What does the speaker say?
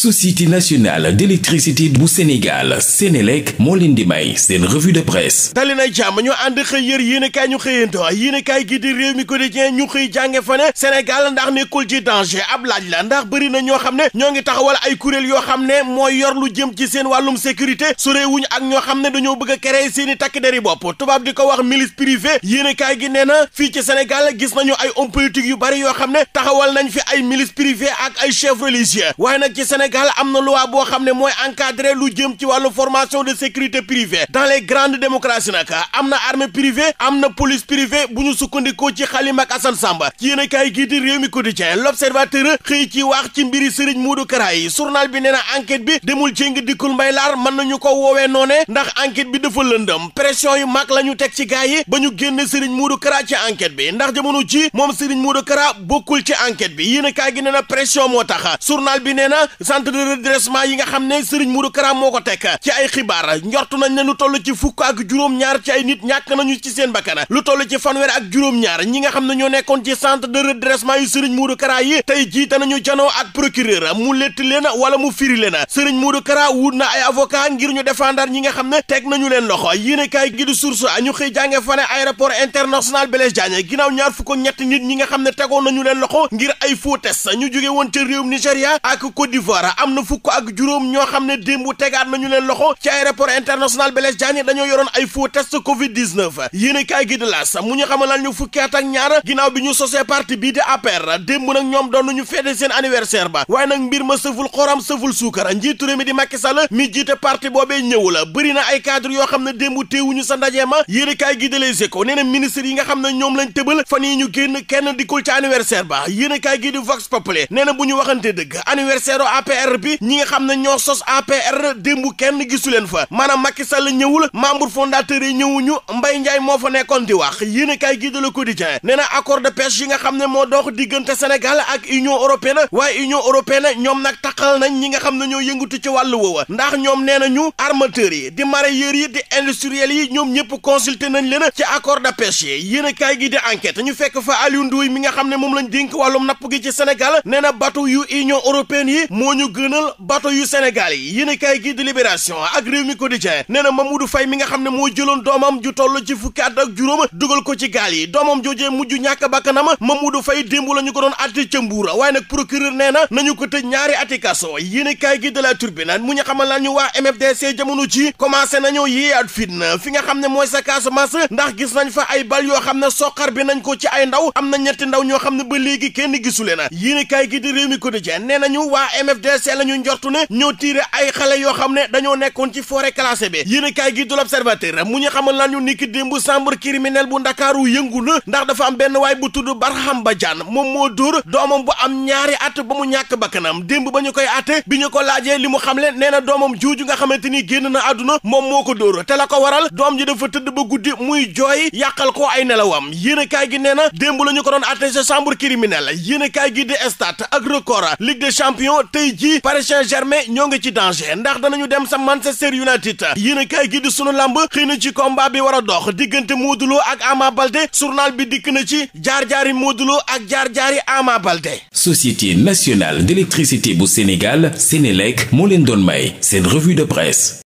société nationale d'électricité bu Sénégal Sénélec moo leen di may seen revue de presse dali na jàmm ñu ànd xëy yër yéenekaay ñu xëyanto yéenekaay gi di réew mi quotidien ñu xëy jànge fa ne Sénégal ndax nekkul ci danger ab laaj la ndax bëri na ñoo xam ne ñoo ngi taxawal ay kuréel yoo xam ne mooy yor lu jëm ci seen wàllum sécurité sore wuñ ak ñoo xam ne dañoo bëgg a seeni seen i takk deri bopp tubaab di ko wax milice privée yéenekaay gi nee na fii ci Sénégal gis nañu ay hommes politiques yu bari yoo xam ne taxawal nañ fi ay milice privée ak ay chefs religieux Sénégal am na loi boo xam ne mooy encadré lu jëm ci wàllu formation de sécurité privée dans les grandes démocraties nag am na armée privée am na police privée bu ñu sukkandikoo ci xalima ak Assane Samba ci yéen kaay gii di réew mi quotidien l'observateur xëy ci wax ci mbiri Serigne muudu Kara yi journal bi nee na enquête bi demul jéng dikkul mbay laar mën ñu ko woowee noone ndax enquête bi dafa lëndëm pression yu mag la ñu teg ci gars yi ba ñu génne Serigne muu Kara ci enquête bi ndax jamono ji moom Serigne Modou Kara bokkul ci enquête bi yéen a kaay na pression moo tax journal bi nee na centre de redressement yi nga xam ne Serigne Modou Kara moo ko teg ci ay xibaar njort nañ ne lu toll ci fukk ak juróom-ñaar ci ay nit ñàkk nañu ci seen bakkan lu toll ci fanweer ak juróom-ñaar ñi nga xam ne ñoo nekkoon ci centre de redressement yu Serigne Modou Kara yi tey jiite nañu janoo ak procureur mu letti leen wala mu firi leen Serigne Modou Kara wut na ay avocat ngir ñu défendre ñi nga xam ne teg nañu leen loxo yéene kaay gi di source ñu xëy jànge fane aéroport international Blaise Diagne ginnaaw ñaar fukk ak ñetti nit ñi nga xam ne tegoon nañu leen loxo ngir ay faux test ñu jóge woon ca réewum Nigéria ak Côte am na fukk ak juróom ñoo xam ne démb tegaat nañu leen loxo ci aéroport international Blaise Diagne dañoo yoroon ay faux test covid 19 yéen kaay gi de mu ñu xamalal ñu fukki at ak ñaar ginnaaw bi ñu sosee parti bii di APR démb nag ñoom doon ñu fête seen anniversaire ba waaye nag mbir ma sëful xoram sëful suukar njiitu réew mi di Macky Sall mi jiite parti boobee ñëw la bëri na ay cadre yoo xam ne démb teewuñu sa ndaje ma yéen kaay gi de Les Échos ministre yi nga xam ne ñoom lañ tëbal fan yi ñu génn kenn dikkul ci anniversaire ba yéen kaay gi di Vox nee na bu ñu waxante dëgg anniversaire APR APR bi ñi nga xam ne ñoo sos APR démb kenn gisu leen fa maanaam Macky Sall ñëwul membre fondateur yi ñëwuñu Mbaye Ndiaye moo fa nekkoon di wax yéen a kaay gi de Le Quotidien nee na accord de pêche yi nga xam ne moo dox diggante Sénégal ak Union européenne waaye Union européenne ñoom nag taqal nañ ñi nga xam ne ñoo yëngatu ci wàllu woowa ndax ñoom nee nañu armateurs yi di mareyeurs yi di industriels yi ñoom ñëpp consulté nañ leen ci accord de pêche yi yéen a kaay gi di enquête ñu fekk fa nga xam ne moom lañ dénk wàllum napp gi ci na bateau gënal bato yu Sénégal yi yéen a kaay gi di Libération ak réew mi quotidien nee na Mamadou Faye mi nga xam ne moo jëloon doomam ju toll ci fukki at ak juróom dugal ko ci gaal yi doomam joojee mujj ñàkk bakkanam Mamadou Faye démb la ñu ko doon àtte ca Mbuur waaye nee na nañu ko ñaari ati kaso yéen a kaay gi de la mu ñu xamal lan ñu waa MFDC jamono ci commencé nañoo yéeyaat fitna fi nga xam ne mooy sa Casamance ndax gis nañ fa ay bal yoo xam ne soqar bi nañ ko ci ay ndaw am na ñetti ndaw ñoo xam ne ba léegi kenn gisu leen yéen kaay gi di réew mi quotidien nee nañu waa MFDC kese la ñu njortu ne ñoo tiire ay xale yoo xam ne dañoo nekkoon ci forêt classée bi yéenekaay gi du l'Observateur mu ñu xamal lan ñu niki démb chambre criminelle bu Ndakaaru yëngu na ndax dafa am benn waay bu tudd ba Badiane moom moo dóor doomam bu am ñaari at ba mu ñàkk bakkanam démb ba ñu koy àtte bi ñu ko laajee li mu xamle nee na doomam juuju nga xamante ni génn na àdduna moom moo ko dóor te la ko waral doom ji dafa tëdd ba guddi muy jooy yàqal ko ay nelawam yéenekaay gi nee na démb la ñu ko doon àtte sa chambre criminelle yéenekaay gi di Stades ak Record Ligue des Champions tey ji ji Paris Saint-Germain ñoo ngi ci danger ndax danañu dem sa Manchester United yéen a kaay gi di sunu lamb xëy na ci komba bi war a dox diggante Modou Lo ak Ama Baldé journal bi dikk na ci jaar-jaari Modou Lo ak jaar-jaari Ama Baldé. Société nationale d'électricité bu Sénégal Sénélec moo leen doon may seen revue de presse.